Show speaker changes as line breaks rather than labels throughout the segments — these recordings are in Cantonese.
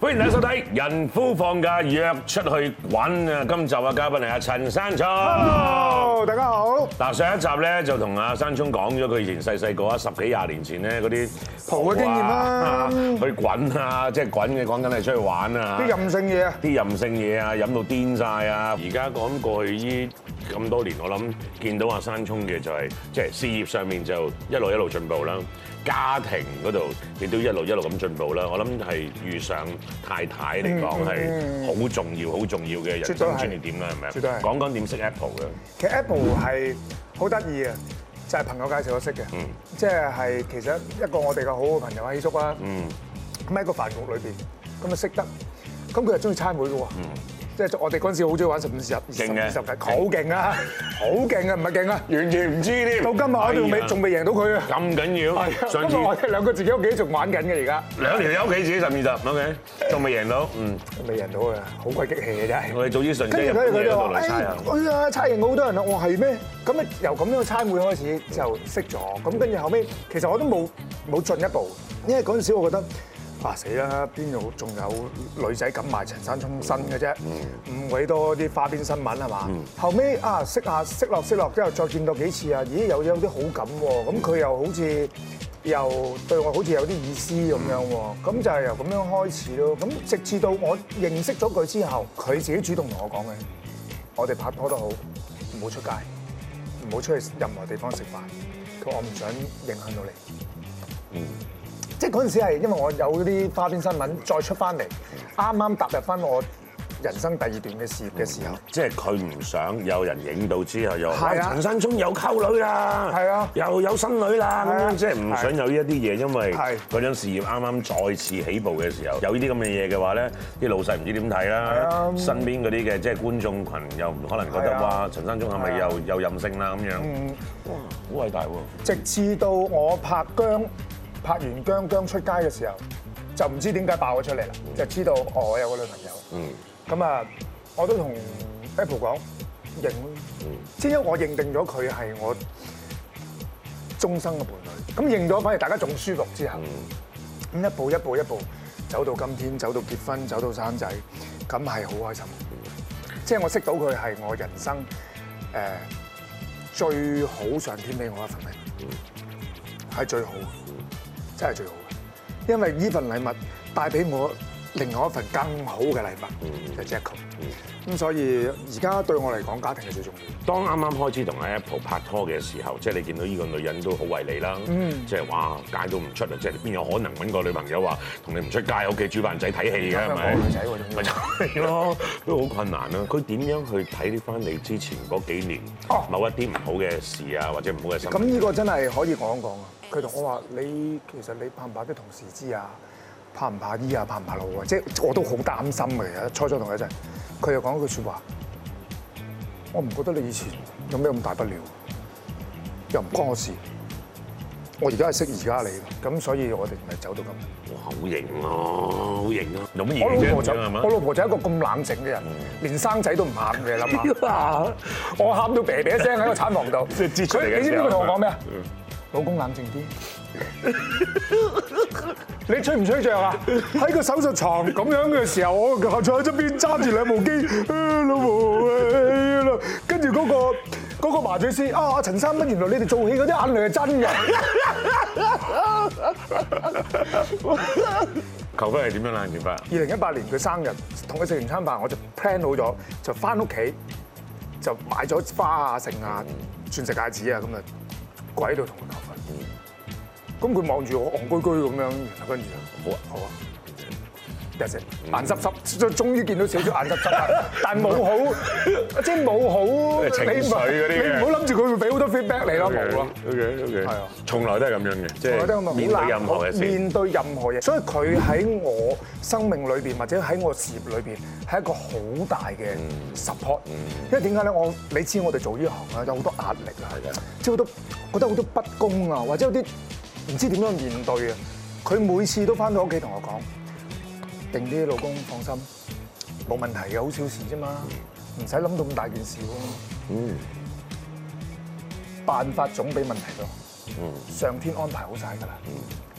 歡迎大家收睇人夫放假約出去玩啊！今集嘅嘉賓係阿陳山聰。大家好。嗱，上一集咧就同阿山聰講咗佢以前細細個啊，十幾廿年前咧嗰啲蒲嘅經驗啦、啊，去滾啊，即係滾嘅，講緊係出去玩啊，啲任性嘢啊，啲任性嘢啊，飲到癲晒啊，而家講過去依。咁多年，我諗見到阿山聰嘅就係，即係事業上面就一路一路進步啦，家庭嗰度亦都一路一路咁進步啦。我諗係遇上太太嚟講係好重要、好重要嘅人生轉折點啦，係咪？絕對。講講點識 Apple
嘅，其實 Apple 係好得意嘅，就係朋友介紹我識嘅，即係其實一個我哋嘅好嘅朋友阿希叔啦。咁喺個飯局裏邊，咁就識得，咁佢又中意猜會嘅喎。即係我哋嗰陣時好中意玩十五、二十嘅，十二十好勁啊，好勁啊，唔係勁啊，不完全唔知添。到今日我哋尾仲未贏到佢啊，哎！咁緊要，上次我兩個自己屋企仲玩緊嘅而家。兩條友屋企自己
十二十，OK，仲未贏到，嗯，未贏到啊，好鬼激氣啊真係。我哋做啲純粹佢喺呢度嚟猜啊。
哎呀，猜贏好多人啦，我係咩？咁啊，由咁樣嘅餐會開始就識後識咗，咁跟住後尾，其實我都冇冇進一步，因為嗰陣時我覺得。啊死啦！邊度仲有女仔敢埋陳山聰身嘅啫？唔、嗯、鬼、嗯、多啲花邊新聞係嘛、嗯？後尾啊，識下識落識落，之後再見到幾次啊，咦有有啲好感喎，咁、嗯、佢又好似又對我好似有啲意思咁樣喎，咁、嗯、就係由咁樣開始咯。咁直至到我認識咗佢之後，佢自己主動同我講嘅，我哋拍拖都好，唔好出街，唔好出去任何地方食飯，佢話我唔想影響到你。嗯。即係嗰陣時係，因為我有啲花邊新聞再出翻嚟，啱啱踏入翻我人生第二段嘅事業嘅時候，嗯，
即係佢唔想有人影到之後又，陳又，陳山聰有溝女啦，係啊，又有新女啦，咁樣即係唔想有呢一啲嘢，係因為嗰陣事業啱啱再次起步嘅時候，係有呢啲咁嘅嘢嘅話咧，啲老細唔知點睇啦，身邊嗰啲嘅即係觀眾群，又唔可能覺得哇，陳山聰係咪又又任性啦咁樣，哇，好偉大喎！
直至到我拍姜。拍完僵僵出街嘅時候，就唔知點解爆咗出嚟啦，就知道我有個女朋友。咁啊，我都同 Apple 講認，即係因為我認定咗佢係我終生嘅伴侶。咁認咗反而大家仲舒服。之後咁一步一步一步走到今天，走到結婚，走到生仔，咁係好開心。即係我識到佢係我人生誒，最好上天俾我一份命，係最好，真係最好嘅，因為呢份禮物帶俾我
另外一份更好嘅禮物，就 Jacko。咁所以而家對我嚟講，家庭係最重要。當啱啱開始同 Apple 拍拖嘅時候，即係你見到呢個女人都好為你啦，即係哇街都唔出嚟，即係你邊有可能揾個女朋友話同你唔出街，屋企煮飯仔睇戲嘅？係咪？咪 就係、是、咯，都好困難啦。佢點樣去睇翻你之前嗰幾年某一啲唔好嘅事啊，或者唔好嘅心？咁呢個真係
可以講一講啊！佢同我話：你其實你怕唔怕啲同事知啊？怕唔怕醫啊？怕唔怕路啊？即係我都好擔心嘅。初初同佢一齊，佢又講一句説話：我唔覺得你以前有咩咁大不了，又唔關我事。我而家係識而家你，咁所以我哋唔係走到咁。
好型咯，好型咯，有咩型啫？我老
婆就係一個咁冷靜嘅人，連生仔都唔喊嘅。諗下，我喊到喋喋聲喺個產房度，所 以你知邊個同我講咩啊？老公冷靜啲，你吹唔吹脹啊？喺個手術牀咁樣嘅時候，我仲喺側邊揸住兩部機、嗰個，老無跟住嗰個麻醉師啊，阿陳生，原來你哋做戲嗰啲眼淚係真嘅。
求婚係點樣冷戰法？
二零一八年佢生日，同佢食完餐飯，我就 plan 好咗，就翻屋企就買咗花啊、剩啊、鑽石戒指啊咁啊。鬼喺度同佢求婚，咁佢望住我戇居居咁樣，然後跟住，就好好啊。眼濕濕，終於見到少少眼濕濕但冇 好，即係冇好。情緒嗰啲嘅。你唔好諗住佢會俾好多 feedback 你啦。冇咯。
OK OK。係啊。從來都係咁樣嘅。從來都喺度面對任何嘢。面
對任何嘢，嗯、所以佢喺我生命裏邊，或者喺我事業裏邊，係一個好大嘅 support。因為點解咧？我你知我哋做呢行啊，有好多壓力啊。係嘅。即係好多覺得好多不公啊，或者有啲唔知點樣面對啊。佢每次都翻到屋企同我講。定啲老公放心，冇問題嘅，好小事啫嘛，唔使諗到咁大件事喎。嗯，辦法總比問題多。嗯，上天安排好晒㗎啦。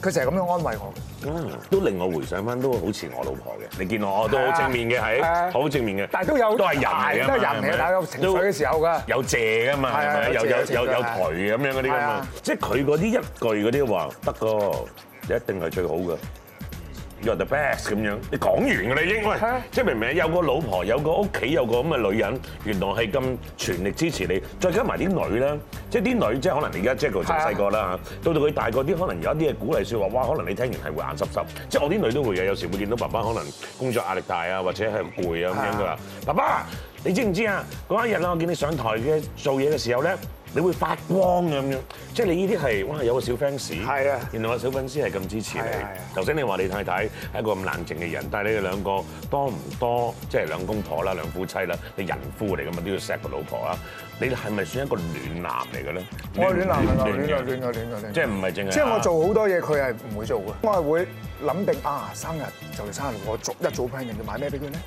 佢成日咁樣安慰我嘅。都令我回想返，都好似我老婆嘅。你見我都好正面嘅，係好正面嘅。但係都有都係人嚟，都係人嚟啊，有情緒嘅時候㗎。有謝㗎嘛，係咪啊？有有有有頹咁樣嗰啲㗎嘛。即係佢嗰啲一句嗰啲話，得個一定係最好嘅。You're the best，咁樣，你講完㗎啦，已經即係明明有個老婆，有個屋企，有個咁嘅女人，原來係咁全力支持你，再加埋啲女咧，即係啲女即係可能而家即係個細個啦嚇，到到佢大個啲，可能有一啲嘅鼓勵説話，哇，可能你聽完係會眼濕濕。即係我啲女都會嘅，有時會見到爸爸可能工作壓力大啊，或者係攰啊咁樣㗎啦。爸爸，你知唔知啊？嗰一日啊，我見你上台嘅做嘢嘅時候咧。你會發光嘅咁樣，即係你呢啲係哇有個小 fans，原來個小粉絲係咁支持你。頭先你話你太太係一個咁冷靜嘅人，但係你哋兩個多唔多即係兩公婆啦、兩夫妻啦，你人夫嚟咁啊都要錫個老婆啊。你係咪算一個暖男嚟嘅咧？我暖男，暖啊，暖啊，暖啊，暖啊，即係唔係淨係？即係我做
好多嘢，佢係唔會做嘅。我係會諗定啊，生日就嚟生日，我逐一早派 a 人要買咩俾佢咧？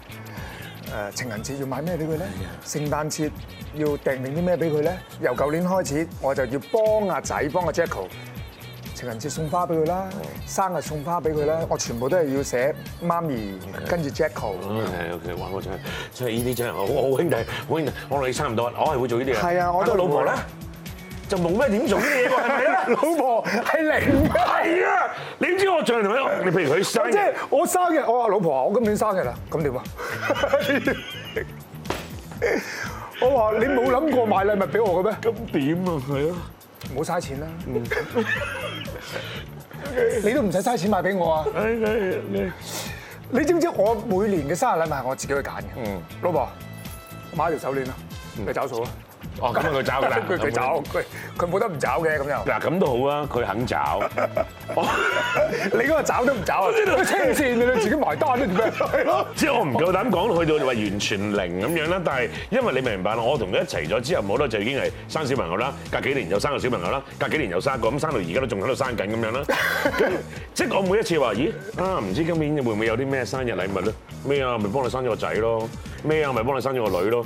誒情人節要買咩俾佢咧？聖誕節，要訂定啲咩俾佢咧？由舊年開始我就要幫阿仔幫阿 Jacko，情人節送花俾佢啦，生日送花俾佢啦，我全部都係要寫媽咪跟住 Jacko。O K
O K，玩我真係真係呢啲真係好兄弟，好兄弟，我同你差唔多，我係會做呢啲嘅。係啊，我都老婆啦，就冇咩點做呢啲嘢喎，係咪啊？ 老婆係零。係啊，你知我最同你譬如佢生即係我,、就是、我生日，我話老婆，我
今年生日啦，咁點啊？ 我話你冇諗過買禮物俾我嘅咩？咁點啊？係啊，唔好嘥錢啦。
你都唔使
嘥錢買俾我啊！你你你，知唔知我每年嘅生日禮物係我自己去揀嘅？嗯，老婆，我買一條手鏈啦，你找數
啊！哦，咁樣，佢找㗎啦，佢佢找
佢，佢冇得唔找嘅咁樣。
嗱，咁都好啊，佢肯找。你嗰個找都唔找啊？黐線嘅， 你自己埋單啊，係咯。即係我唔夠膽講去到話完全零咁樣啦，但係因為你明白我同佢一齊咗之後，冇耐就已經係生小朋友啦。隔幾年又生個小朋友啦，隔幾年又生個，咁生到而家都仲喺度生緊咁樣啦。 即係我每一次話，咦啊，唔知今年會唔會有啲咩生日禮物咧？咩啊，咪幫你生咗個仔咯？咩啊，咪幫你生咗個女咯？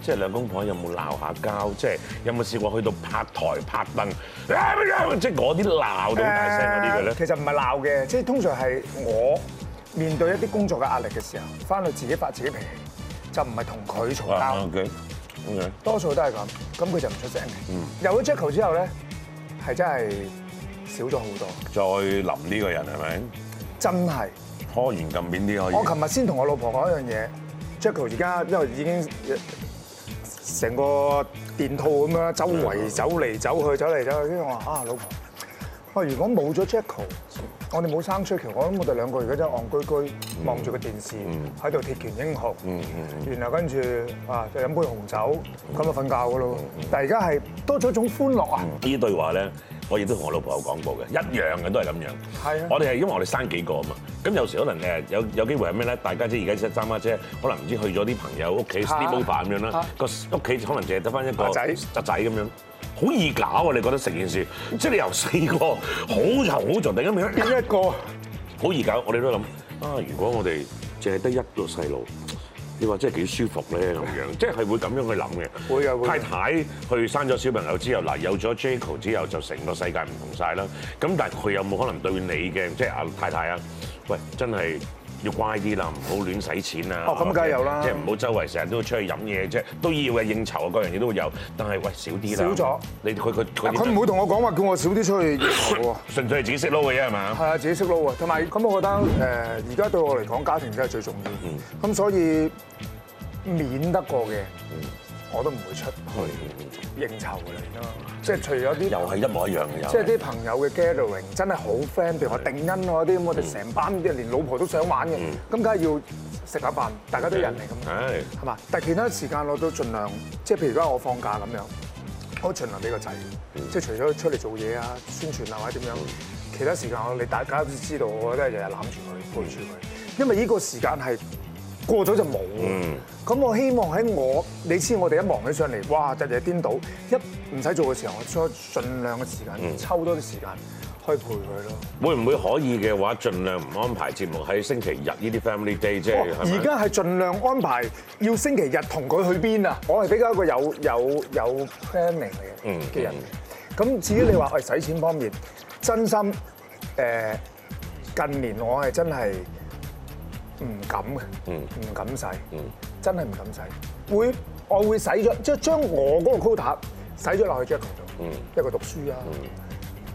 即係兩公婆有冇鬧下交？即係有冇試過去到拍台拍凳？即係嗰啲鬧到好大聲嗰啲嘅咧？其實唔係鬧嘅，即係通常係我
面對一啲工作嘅壓力嘅時候，翻去自己發自己脾氣，就唔係同
佢嘈交。
多數都係咁，咁佢就唔出聲嘅。嗯，有咗 Jacko 之後咧，係真係少咗好多。
再臨呢個人係咪？真係。可遠近邊啲可以？我琴
日先同我老婆講一樣嘢，Jacko 而家因為已經。成個電套咁樣，周圍走嚟走去，走嚟走去。跟住我話啊，老婆，我如果冇咗 Jackal，我哋冇生趣，其實我諗我哋兩個而家真係戇居居，望住個電視，喺度鐵拳英雄。然後跟住啊，就飲杯紅酒，咁就瞓覺噶咯。但係而家係多咗一種歡樂啊！
呢對話咧，我亦都同我老婆有講過嘅，一樣嘅都係咁樣是是。係啊，我哋係因為我哋生幾個啊嘛。咁有時可能誒有有機會係咩咧？大家姐而家即係三家姐，可能唔知去咗啲朋友屋企 sleepover 咁樣啦。個屋企可能淨係得翻一個仔，侄仔咁樣，好易，易搞。我哋覺得成件事，即係你由細個好嘈好嘈，突然間變咗一一個好易搞。我哋都諗啊，如果我哋淨係得一個細路，你話真係幾舒服咧咁樣，即係會咁樣去諗嘅。會啊會。太太去生咗小朋友之後，嗱有咗 Jaco 之後，就成個世界唔同晒啦。咁但係佢有冇可能對你嘅即係啊太太啊？喂，真係要乖啲啦，唔好亂使錢啊！哦，咁梗係有啦，即係唔好周圍成日都出去飲嘢，即係都要嘅應酬啊，各樣嘢都會有，但係喂少啲啦。少咗，你佢佢佢，唔會同
我講話叫我少啲出去應
酬喎。好純粹係自己識撈嘅啫，係嘛？係
啊，自己識撈啊！同埋咁，我覺得誒，而家對我嚟講，家庭真係最重要。咁所以免得過嘅。我都唔會出去應酬㗎啦，即係除咗啲又係一模一樣嘅又，即係啲朋友嘅 gathering 真係好 friend，譬如我定恩我啲，我哋成班啲人連老婆都想玩嘅，咁梗係要食下飯，大家都人嚟咁，
係係
嘛？但係其他時間我都盡量，即係譬如而家我放假咁樣，我都盡量俾個仔，即係除咗出嚟做嘢啊、宣傳啊或者點樣，其他時間我你大家都知道，我覺得日日攬住佢陪住佢，因為呢個時間係。過咗就冇，咁我希望喺我你知我哋一忙起上嚟，哇日日顛倒，一唔使做嘅時候，我再盡量嘅時間、嗯、抽多啲時間去陪佢咯。
會唔會可以嘅話，盡量唔安排節目喺星期日呢啲 family day 啫？而家係、就
是哦、盡量安排要星期日同佢去邊啊？我係比較一個有有有 planning 嘅人。咁、嗯、至於你話誒使錢方面，真心誒、呃、近年我係真係。唔敢嘅，唔、嗯、敢使、嗯，真係唔敢使、嗯。會我會使咗，即係將我嗰、嗯、個 quota 使咗落去 Jacky 度，即係佢讀書啊，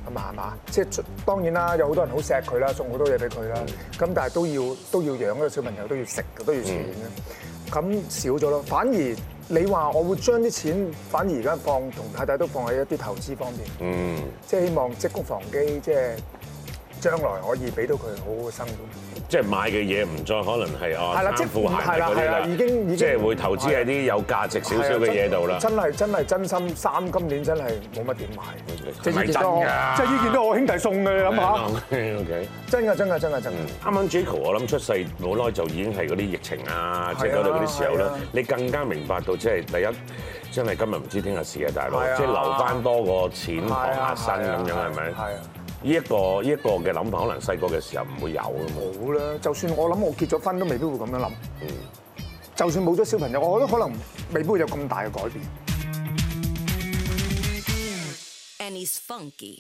係嘛係嘛。即係當然啦，有好多人好錫佢啦，送好多嘢俾佢啦。咁、嗯、但係都要都要養嗰個小朋友，都要食，都要錢嘅。咁、嗯、少咗咯。反而你話我會將啲錢，反而而家放同太太都放喺一啲投資方面，
嗯、
即係希望積谷防饑，即係。將來可以俾到佢好好生活，
即係買嘅嘢唔再可能係啊衫褲鞋嗰啲啦，即係會投資喺啲有價值少少嘅嘢度啦。真
係真係真，真，真心，三今年真係冇乜點買
是是真，即係依件都，即係依件都我兄弟送嘅，你諗下，
真嘅真嘅真嘅真。
啱、嗯、啱 Jaco 我諗出世冇耐就已經係嗰啲疫情啊，即係嗰度嗰啲時候咧，你更加明白到即係第一，真係今日唔知聽日事嘅大佬，即係、就是、留翻多個錢防下身咁樣係咪？呢一個呢一個嘅諗法，可能細個嘅時候唔會有噶嘛。
冇啦，就算我諗我結咗婚都未必會咁樣諗。嗯，就算冇咗小朋友，我覺得可能未必會有咁大嘅改變。And he's funky。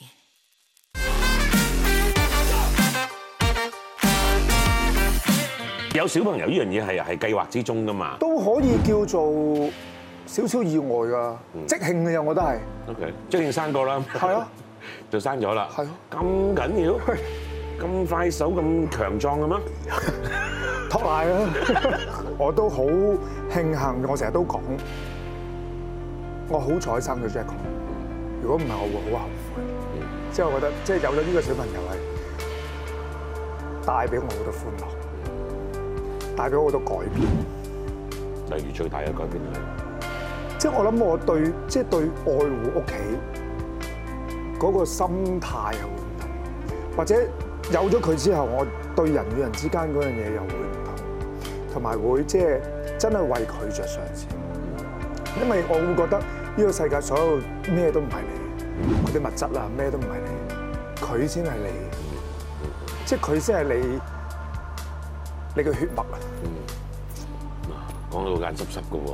有小朋友呢樣嘢係係計劃之中噶嘛？
都可以叫做少少意外噶，嗯、即興嘅又，我覺得
係。O K. 即興生個啦。係啊。就生咗啦，係咁緊要？咁快手咁強壯嘅咩？
託賴啊！啊 賴啊 我都好慶幸，我成日都講，我好彩生咗 Jacko，如果唔係我會好後悔。即、嗯、係我覺得，即、就、係、是、有咗呢個小朋友係帶俾我好多歡樂，
帶俾我好多改變。例如最大嘅改變係，即、就、
係、是、我諗我對，即、就、係、是、對愛護屋企。嗰、嗰個心態又會唔同，或者有咗佢之後，我對人與人之間嗰樣嘢又唔同，會唔同，同埋會即係真係為佢着想先，因為我會覺得呢個世界所有咩都唔係你，佢啲物質啊咩都唔係你，佢先係你，即係佢先係你，
你嘅血脈啊。講到眼濕濕嘅喎，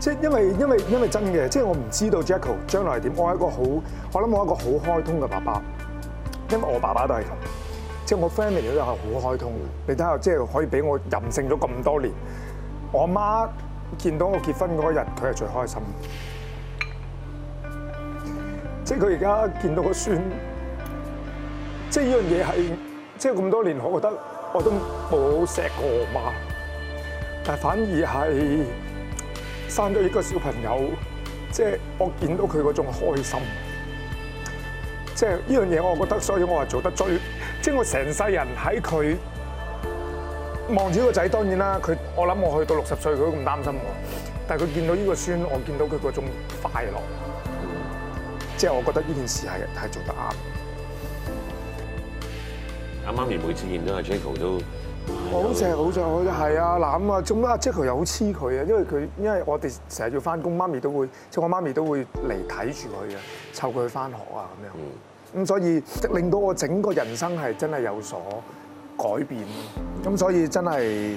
即係因為因為因為真嘅，即係我唔知道 Jacko 將來係點。我係一個好，我諗我係一個好開通嘅爸爸，因為我爸爸都係咁。即係我 family 都係好開通嘅。你睇下，即係可以俾我任性咗咁多年。我阿媽見到我結婚嗰日，佢係最開心現在看。即係佢而家見到個孫，即係呢樣嘢係，即係咁多年，我覺得我都冇錫過我媽。但反而係生咗一個小朋友，即係我見到佢嗰種開心，即係呢樣嘢我覺得，所以我係做得追，即係我成世人喺佢望住個仔，當然啦，佢我諗我去到六十歲，佢都唔擔心我，但係佢見到呢個孫，我見到佢嗰種快樂，即係我覺得呢件事係係做得啱。
啱啱你每次見到阿 Jaco 都。我好錫
好著佢，係啊，嗱咁啊，做乜阿 Jacko 又好黐佢啊？因為佢，因為我哋成日要翻工，媽咪都會即我媽咪都會嚟睇住佢嘅，湊佢去翻學啊咁樣。咁所以令到我整個人生係真係有所改變咯。咁所以真係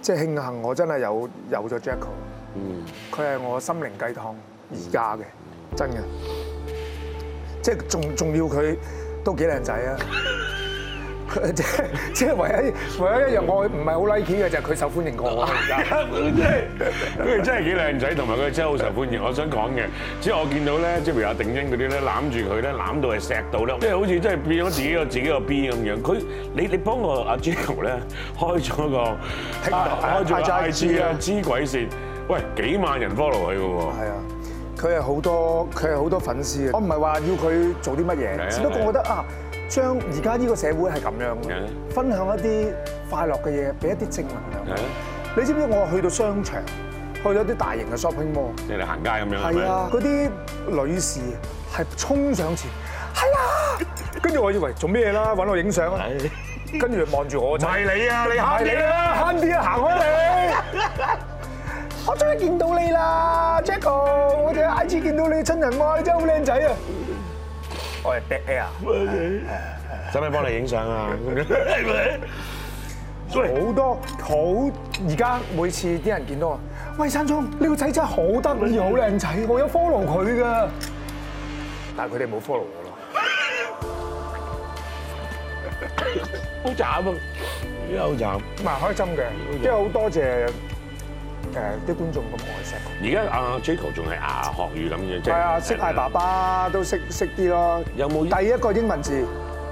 即係慶幸我真係有有咗 Jacko，嗯，佢係我心靈雞湯而家嘅，真嘅。即係仲仲要佢都幾靚仔啊！即、係、即、係、唯一唯一一樣我唔係好 like 嘅就係、係、佢受歡迎過我而家，
佢真係佢真係幾靚仔，同埋佢真係好受歡迎。我想講嘅，即係我見到咧，即係譬如阿定英嗰啲咧攬住佢咧，攬到係錫到咧，即係好似真係變咗自己個自己個 B 咁樣。佢你你幫我阿 Juno 咧開咗個開住個 IG 啊，知鬼線，喂，幾萬人 follow 佢嘅
喎。係啊，佢係好多佢係好多粉絲嘅。我唔係話要佢做啲乜嘢，只不過我覺得啊。將而家呢個社會係咁樣嘅，分享一啲快樂嘅嘢，俾一啲正能量。你知唔知我去到商場，去咗啲大型嘅 shopping mall，
即係行街咁樣啦。啊，
嗰啲女士係衝上前，係啊，跟住我以為做咩啦，揾我影相啊，跟住望住我就係你啊，你係你啦，慳啲啦，行開，開你， 我終於見到你啦，Jacko，我第一次見到你真人，我真係好靚仔啊！
我係 Big Air，使唔使幫你影相啊？好多
好而家每次啲人見到我，喂山聰，你個仔真係好得意，好靚仔，我有 follow 佢㗎。但係佢哋冇 follow 我咯，好慘啊！好慘。唔係開心嘅，即係好多謝。誒啲觀眾咁
愛錫，而家阿 Jaco 仲係牙學語咁樣，即係
識嗌爸爸都識識啲咯。有冇第一個英
文字、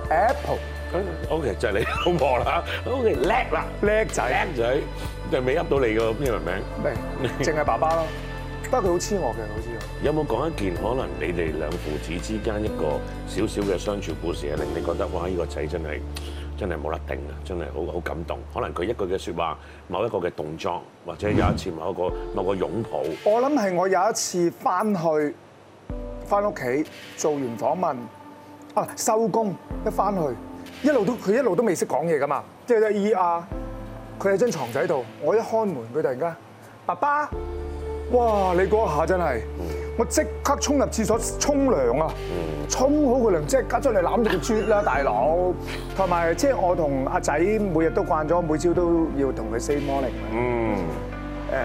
嗯、Apple？OK，okay，就係你老婆啦，OK 叻啦，叻仔，叻仔，就未噏到你個英文名，咩？淨係爸爸啦，不過佢好黐我嘅，我知。有冇講一件可能你哋兩父子之間一個少少嘅相處故事，係、嗯、令你覺得哇！呢、呢個仔真係～真係冇得頂啊！真係好好感動。可能佢一句嘅説話、某一個嘅動作，或者有一次某一個某個擁抱，
我諗係我有一次翻去翻屋企做完訪問啊，收工，一翻去一路都佢一路都未識講嘢噶嘛，即係依阿佢喺張床仔度，我一開門佢突然間爸爸，哇你嗰下真係～我即刻沖入廁所沖涼啊！沖好個涼即係出嚟攬住佢啜啦，大佬。同埋即係我同阿仔每日都慣咗，每朝都要同佢 say morning。嗯。誒，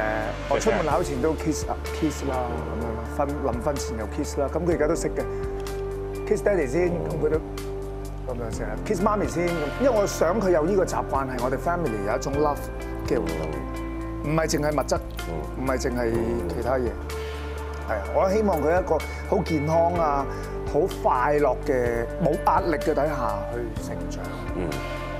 我出門口前都 kiss 啊 kiss 啦，咁樣瞓臨瞓前又 kiss 啦，咁佢而家都識嘅。kiss daddy 先，咁佢都咁樣成日 kiss mommy 先，因為我想佢有呢個習慣係我哋 family 有一種 love 嘅活動，唔係淨係物質，唔係淨係其他嘢。係，我希望佢一個好健康啊，好快樂嘅，冇壓力嘅底下去成長。嗯，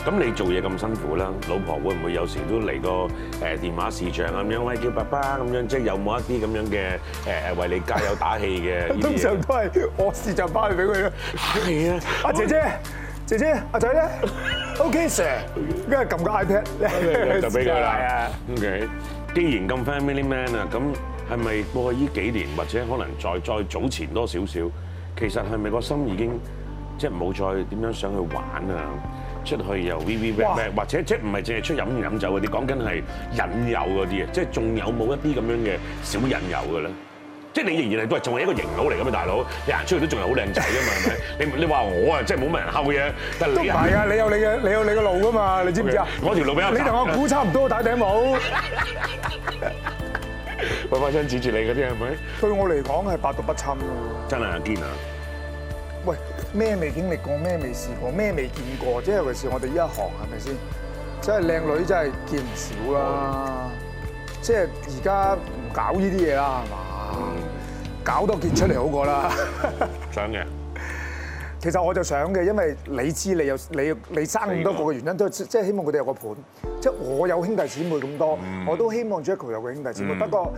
咁你做嘢咁辛苦啦，老婆會唔會有時都嚟個誒電話視像咁樣，喂，叫爸爸咁樣，即係有冇一啲咁樣嘅誒為你加油打氣嘅？通常
都係我視像翻去俾佢咯。係啊，阿姐姐，姐姐，阿仔咧，OK sir，今日撳個 iPad 咧，就俾佢啦。OK，
既然咁 family man 啊，咁。係咪過去呢幾年，或者可能再再早前多少少，其實係咪個心已經即係冇再點樣想去玩啊，出去又 v i v 或者即係唔係淨係出飲飲酒嘅？你講緊係引誘嗰啲嘅，即係仲有冇一啲咁樣嘅小引誘嘅咧？即係你仍然係仲係一個型佬嚟㗎嘛，大佬，你行出去都仲係好靚仔㗎嘛，係咪？你你話我啊，即係冇乜人溝嘅，但係係啊，你有你嘅
你有你嘅路㗎嘛？你知唔知啊？我條路畀你你同我估差唔多，打頂帽。
喂，把聲指住你嗰啲係咪？
對我嚟講係百毒不侵。
真係啊，堅啊！
喂，咩未經歷過，咩未試過，咩未見過，即係尤其是我哋呢一行係咪先？即係靚女真係見唔少啦。即係而家唔搞呢啲嘢啦，係嘛？搞多件出嚟好過啦。想嘅。其實我就想嘅，因為你知你有你你生咁多個嘅原因，都即係希望佢哋有個伴。即係我有兄弟姊妹咁多，我都希望 Jack 有個兄弟姊妹。嗯、不過。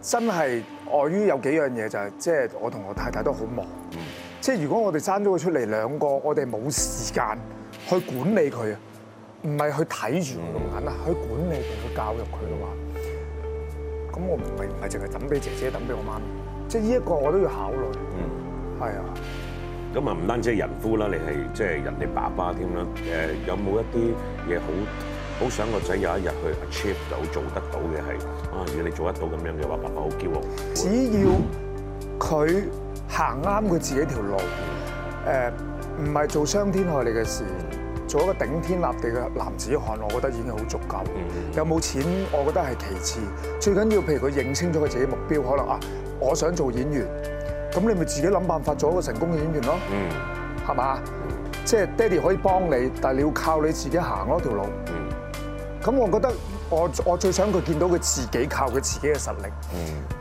真係礙於有幾樣嘢就係，即係我同我太太都好忙，即係如果我哋生咗佢出嚟兩個，我哋冇時間去管理佢啊，唔係去睇住佢咁緊啊，去管理佢、教育佢嘅話，咁我唔係唔係淨係等俾姐姐、等俾我媽，即係呢一個我都要考慮。嗯，係啊。
咁啊，唔單止係人夫啦，你係即係人哋爸爸添啦，誒有冇一啲嘢好？好想個仔有一日去 achieve 到做得到嘅係啊！如果你做得到咁樣嘅話，爸爸好驕傲。
只要佢行啱佢自己條路，誒唔係做傷天害理嘅事，做一個頂天立地嘅男子漢，我覺得已經好足夠。有冇錢，我覺得係其次，最緊要譬如佢認清楚佢自己的目標，可能啊，我想做演員，咁你咪自己諗辦法做一個成功嘅演員咯。嗯。嗯，係嘛？即係爹哋可以幫你，但係你要靠你自己行嗰條路。咁我覺得我我最想佢見到佢自己靠佢自己嘅實力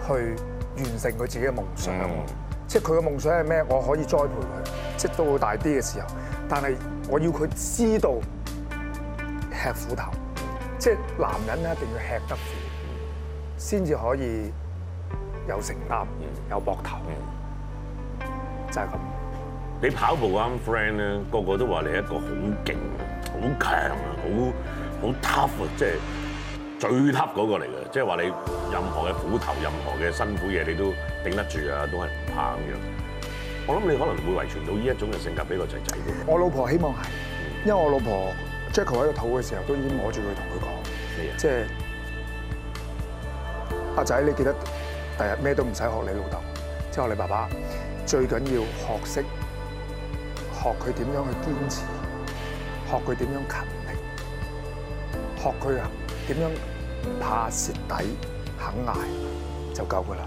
去完成佢自己嘅夢想。嗯，即係佢嘅夢想係咩？我可以栽培佢，即係到大啲嘅時候，但係我要佢知道吃苦頭，即係男人咧，一定要吃得苦，先至可以有承
擔、有膊頭，就係咁。你跑步啱 friend 咧，個個都話你一個好勁、好強啊、好～好 tough 啊，即係最 tough 嗰個嚟嘅，即係話你任何嘅苦頭、任何嘅辛苦嘢，你都頂得住啊，都係唔怕咁樣。我諗你可能會遺傳到呢一種嘅性格俾個仔
仔嘅。我老婆希望係，因為我老婆 Jackie 喺個肚嘅時候都已經摸住佢同佢講，即係阿仔，你記得第日咩都唔使學你老豆，即係學你爸爸，就是，爸爸最緊要學識學佢點樣去堅持，學佢點樣勤，勤。學佢啊，點樣唔怕蝕底，肯捱就夠噶啦。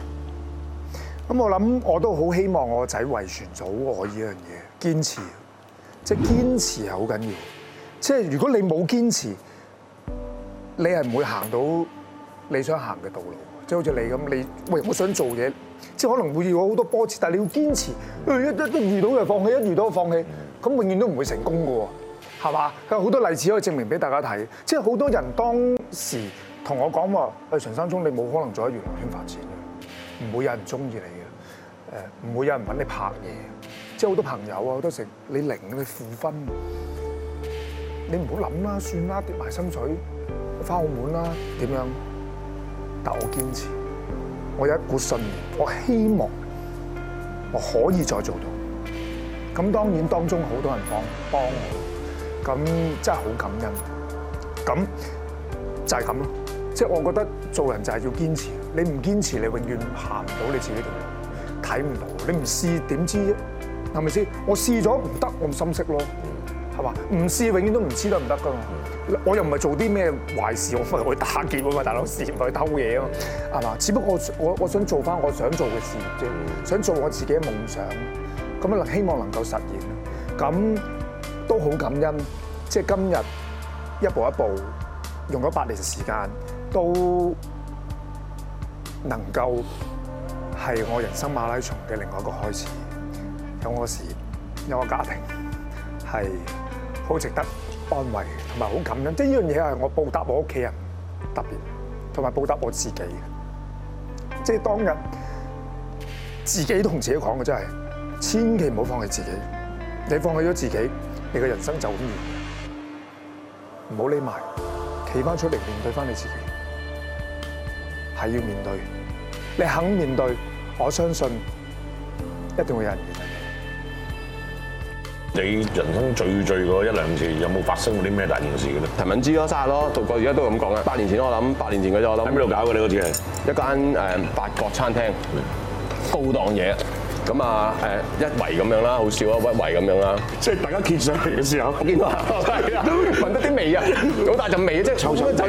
咁我諗我都好希望我仔遺傳咗我呢樣嘢，堅持，即係堅持係好緊要。即係如果你冇堅持，你係唔會行到你想行嘅道路。即係好似你咁，你喂我想做嘢，即係可能會遇到好多波折，但係你要堅持，一一遇到就放棄，一遇到就放棄，咁永遠都唔會成功噶喎。係嘛？佢有好多例子可以證明俾大家睇，即係好多人當時同我講話，陳山聰你冇可能再喺娛樂圈發展嘅，唔會有人中意你嘅，誒，唔會有人揾你拍嘢。即係好多朋友啊，好多時候你零你負分，你唔好諗啦，算啦，跌埋心水，翻澳門啦，點樣？但我堅持，我有一股信念，我希望我可以再做到。咁當然當中好多人幫幫我。咁真係好感恩，咁就係咁咯。即係我覺得做人就係要堅持，堅持，你唔堅持你永遠行唔到你自己條路，睇唔到。你唔試點知啫？係咪先？我試咗唔得，我唔心息咯。係嘛？唔試永遠都唔知得唔得噶嘛。我又唔係做啲咩壞事，我唔係去打劫啊嘛，大佬，事唔係去偷嘢啊嘛，係嘛？只不過我我想做翻我想做嘅事啫，想做我自己嘅夢想，咁樣希望能夠實現咁。都好感恩，即係今日一步一步用咗八年時間都能夠係我人生馬拉松嘅另外一個開始。有我事業，有個家庭，係好值得安慰同埋好感恩。即係呢樣嘢係我報答我屋企人特，特別同埋報答我自己嘅。即係當日自己同自己講嘅，真係千祈唔好放棄自己。你放棄咗自己。你嘅人生就咁完，唔好匿埋，企翻出嚟面對翻你自己，係要面對。你肯面對，我相信一定會有人緣嘅。
你人生最最嗰一兩次有冇發生過啲咩大件事嘅咧？陳敏之咯，卅咯，讀過，而家都係咁講啦。八年前我諗，八年前嗰陣我諗。喺邊度搞嘅咧你嗰次？係一間誒法國餐廳，高檔嘢。咁啊一圍咁樣啦，好少啊，屈圍咁樣啦，即係大家見上嚟嘅時候，我 見到係啊，聞到啲味啊，好大陣味啊，即係臭臭走